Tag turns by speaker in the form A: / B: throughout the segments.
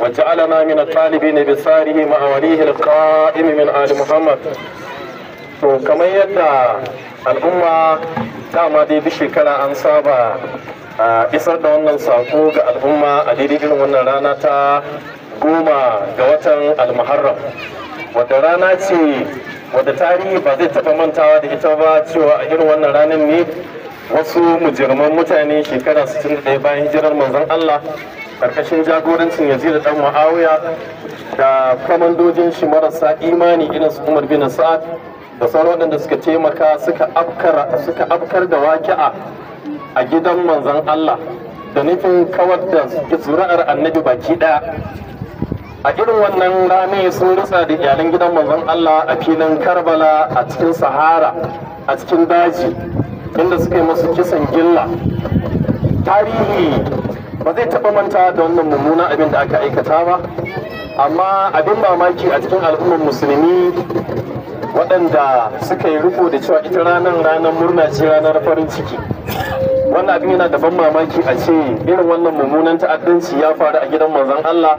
A: وجعلنا من الطالبين بساره مع وليه القائم من آل muhammad to kamar yadda al'umma dama dai duk shekara an saba isar da wannan sako ga al'umma a daidai irin wannan rana ta goma ga watan almuharram wadda rana ce wadda tarihi ba zai taɓa manta da ita ba cewa a irin wannan ranar ne wasu mujirman mutane shekara 61 bayan hijirar manzon Allah karkashin jagorancin da dan ma'awuya da kwamandojin shi marasa imani irin su umar bin sa'ad da sauran waɗanda suka taimaka suka afkar suka afkar da waki'a a gidan manzon Allah da nufin kawar da zuri'ar annabi baki ɗaya a irin wannan rami sun rutsa da iyalan gidan manzon Allah a filin Karbala a cikin Sahara a cikin daji inda suka yi musu kisan gilla tarihi ba zai taba manta da wannan mummuna abin da aka aikata ba amma abin mamaki a cikin al'ummar musulmi waɗanda suka yi riko da cewa ita ranar ranar murna ce ranar farin ciki wannan abin yana da ban mamaki a ce irin wannan mummunan ta'addanci ya faru a gidan manzon Allah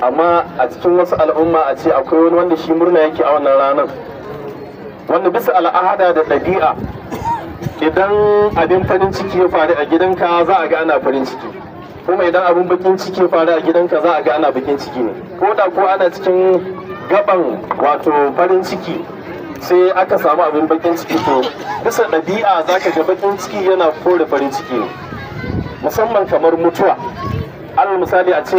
A: amma a cikin wasu al'umma a ce akwai wani wanda shi murna yake a wannan ranar wanda bisa al'ada da ɗabi'a idan abin farin ciki ya faru a gidanka za a ga ana farin ciki kuma idan abin bakin ciki fara a gidanka za a ga ana bakin ciki ne ko da ko ana cikin gaban wato farin ciki sai aka samu abin bakin ciki to bisa ɗabi'a za ka ga bakin ciki yana kore farin ciki ne musamman kamar mutuwa alal misali a ce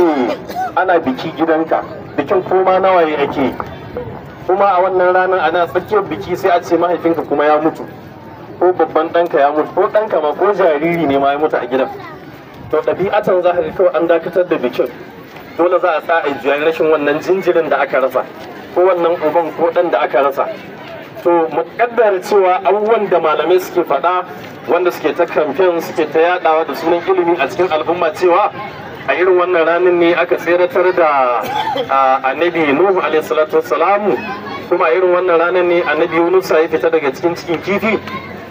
A: ana biki gidanka bikin koma nawa ya ake kuma a wannan ranar ana tsakiyar biki sai a ce mahaifinka kuma ya mutu ko babban ɗanka ya mutu ko ɗanka ma ko jariri ne ma ya mutu a gidan to ɗabi'atan za yi kawai an dakatar da bikin dole za a sa a juya rashin wannan jinjirin da aka rasa ko wannan uban ko ɗan da aka rasa to mu kaddara cewa abubuwan da malamai suke faɗa wanda suke ta kamfen suke ta yaɗawa da sunan ilimi a cikin al'umma cewa a irin wannan ranar ne aka tseratar da annabi nuhu alaihi salatu wassalamu kuma a irin wannan ranar ne annabi yunus ya fita daga cikin cikin kifi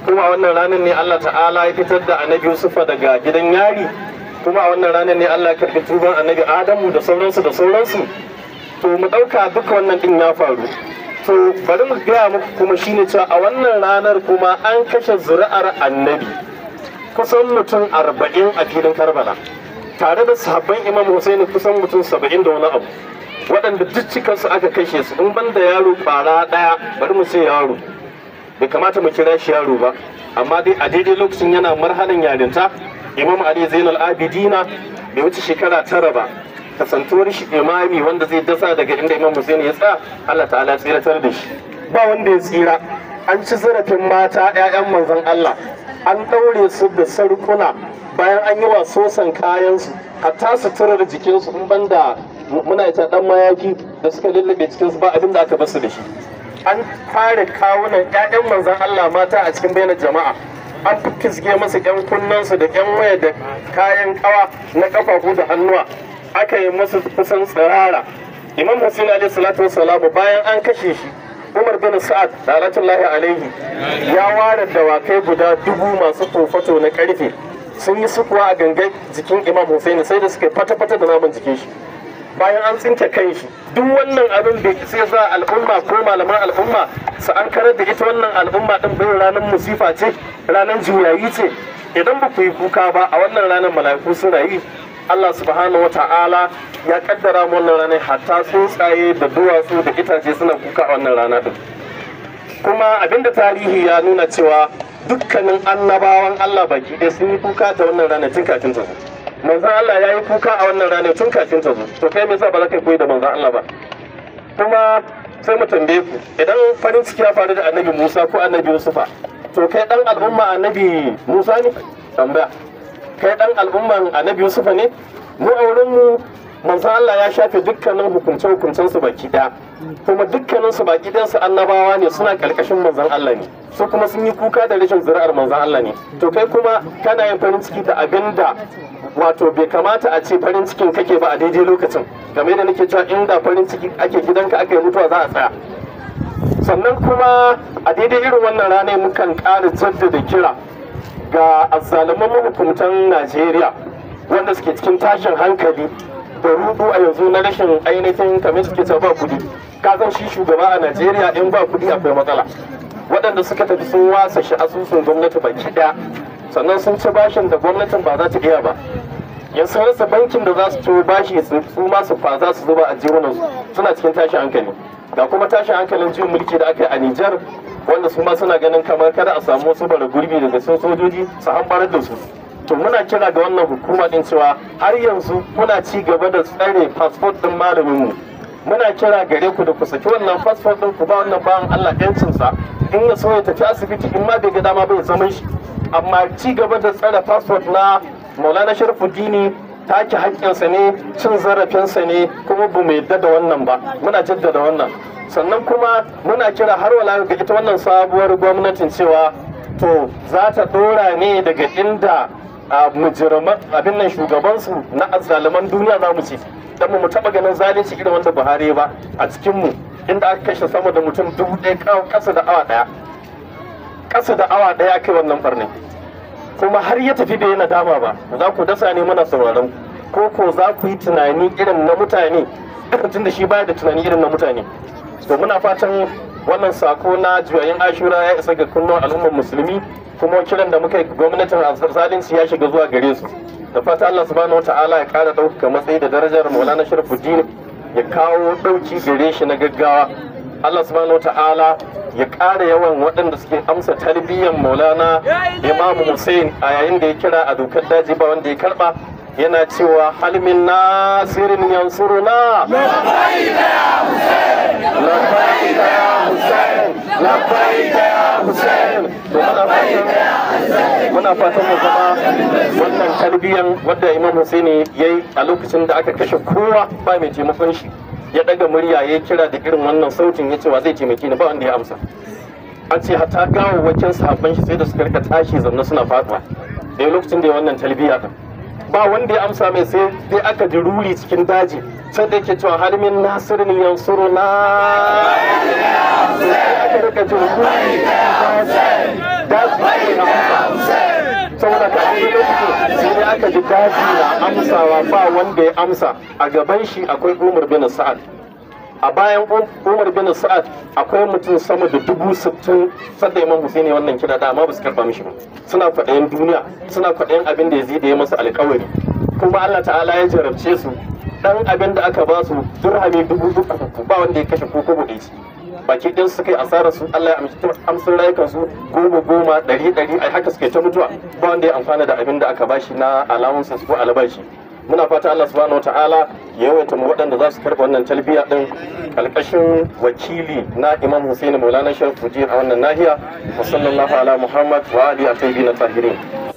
A: kuma wannan ranar ne Allah ta'ala ya fitar da annabi Yusufa daga gidan yari kuma a wannan ranar ne Allah karɓi tuban annabi Adamu da sauransu da sauransu to mu ɗauka duka wannan ɗin ya faru to bari mu gaya muku kuma shine cewa a wannan ranar kuma an kashe zuri'ar annabi kusan mutum arba'in a filin Karbala tare da sahabban Imam Hussein kusan mutum saba'in da wani abu waɗanda duk cikansu aka kashe su in banda yaro fara ɗaya bari mu sai yaro bai kamata mu kira shi yaro ba amma dai a daidai lokacin yana marhanan yarinta imam ali zainal abidina bai wuce shekara tara ba kasantuwar shi imami wanda zai dasa daga inda imam hussein ya tsaya allah ta'ala tsiratar da shi ba wanda ya tsira an ci zarafin mata 'ya'yan manzon allah an ɗaure su da sarkuna bayan an yi wa sosan kayansu hatta suturar jikinsu in banda muna ita dan mayaki da suka lullube cikinsu ba abin da aka basu da shi an fara kawunan 'ya'yan manzon allah mata a cikin bayanan jama'a an fiske masa yan kunnansu da yan waya da kayan kawa na kafafu da hannuwa aka yi masa kusan tsirara imam hussein alaihi salatu bayan an kashe shi umar bin sa'ad lahi alaihi ya ware dawakai guda dubu masu kofato na karfe sun yi sukuwa a gangan jikin imam hussein sai da suka fata-fata da naman jikin shi bayan an tsinta kan shi duk wannan abin da sai za al'umma ko malaman al'umma su an karar da ita wannan al'umma din bayan ranar musifa ce ranar juyayi ce idan ba ku yi kuka ba a wannan ranar mala'iku sun rayu Allah subhanahu wata'ala ya kaddara mu wannan ranar hatta tsuntsaye da duwatsu da itace suna kuka a wannan rana din kuma abinda tarihi ya nuna cewa dukkanin annabawan Allah baki da sun yi kuka ta wannan ranar tun kafin ta manzan Allah ya yi kuka a wannan ranar tun kafin ta zo to kai me yasa ba za ka koyi da manzan Allah ba kuma sai mu tambaye ku idan farin ciki ya faru da annabi Musa ko annabi Yusufa to kai dan al'umma annabi Musa ne tambaya kai dan al'umman annabi Yusufa ne mu a wurin mu manzan Allah ya shafe dukkanin hukunce-hukuncen su baki daya kuma dukkanin su baki su annabawa ne suna karkashin manzan Allah ne su kuma sun yi kuka da rashin zuri'ar manzan Allah ne to kai kuma kana yin farin ciki da abinda wato bai kamata a ce farin cikin kake ba a daidai lokacin game da nake cewa inda farin ciki ake gidanka aka yi mutuwa za a tsaya sannan kuma a daidai irin wannan ranar mukan ƙara jaddada kira ga azzaluman mahukuntan najeriya wanda suke cikin tashin hankali da rudu a yanzu na rashin ainihin kamar suke ba kudi ka shi shugaba a najeriya in ba kudi akwai matsala waɗanda suka tafi sun wasa shi asusun gwamnati baki ɗaya sannan sun ci bashin da gwamnatin ba za ta iya ba Ya rasa bankin da za su ci bashi su ma su faza su zuba a jirunan suna cikin tashin hankali ga kuma tashin hankalin juyin mulki da aka yi a Nijar wanda su ma suna ganin kamar kada a samu wasu bara gurbi daga sun sojoji su hambar da su to muna kira ga wannan hukuma din cewa har yanzu muna ci gaba da tsare fasfot din malamin muna kira gare ku da ku saki wannan fasfot din ku ba wannan bayan Allah yancin in ya so ya tafi asibiti in ma bai ga dama bai zama shi amma ci gaba da tsare fasfot na maulana sharifuddini take haƙƙinsa ne cin zarafinsa ne kuma ba mu yadda da wannan ba muna jaddada wannan sannan kuma muna kira har wala ga ita wannan sabuwar gwamnatin cewa to za ta ɗora ne daga inda mujirman abin nan shugabansu na azzaluman duniya za mu ce don mu taɓa ganin zalunci irin wanda Buhari ba a cikin mu inda aka kashe sama da mutum dubu ɗaya ƙasa da awa ɗaya ƙasa da awa ɗaya kai wannan barnin kuma har ya tafi bai nadama ba za ku dasa ne muna sauraron ko ko za ku yi tunani irin na mutane tun da shi baya da tunani irin na mutane to muna fatan wannan sako na juyayin ashura ya isa ga kunnon al'ummar musulmi kuma kiran da muka yi gwamnatin zalunci ya shiga zuwa gare su da fata Allah subhanahu wa ta'ala ya kara ɗaukaka matsayi da darajar maulana sharifuddin ya kawo ɗauki gare shi na gaggawa Allah subhanahu ta'ala ya ƙara yawan waɗanda suke amsa tarbiyyar maulana Imam Hussein a yayin da ya kira a dokar daji ba wanda ya karɓa yana cewa halmin nasirin yansuru na muna fatan mu zama wannan tarbiyyar wadda Imam Hussein yayi a lokacin da aka kashe kowa ba mai taimakon shi ya daga murya ya kira da irin wannan sautin ya ce wa zai taimake ni ba wanda ya amsa an ce hata wakin sahabban shi sai da suka rika tashi zanna suna faduwa da lokacin da ya wannan talbiya ta ba wanda ya amsa mai sai dai aka ji ruri cikin daji sai da yake cewa halimin nasirin yansuru na aka rika saboda ji daji na amsawa ba wanda ya amsa a gaban shi akwai umar bin sa'ad a bayan um, umar bin sa'ad akwai mutum sama da dubu sittin sadda imam husaini wannan kira da amma ba su karba mishi ba suna kwaɗayin duniya suna kwaɗayin abin da ya zai da ya masa alkawari kuma allah ta'ala ya jarabce su ɗan abin da aka ba su durhami dubu uku ba wanda ya kashe ko kuma da baki ɗin su kai asarar su Allah ya amsa rayukan su goma goma ɗari ɗari ai haka suke ta mutuwa ba wanda ya amfana da abin da aka bashi na sa ko albashi muna fata Allah subhanahu wa ta'ala ya yawaita mu waɗanda za su karɓi wannan talbiya ɗin ƙarƙashin wakili na Imam Hussein Maulana Shehu Fujir a wannan nahiya sallallahu ala Muhammad wa ali at-tayyibin at-tahirin